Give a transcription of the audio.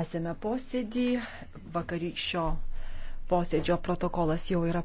Esame posėdį, vakarykščio posėdžio protokolas jau yra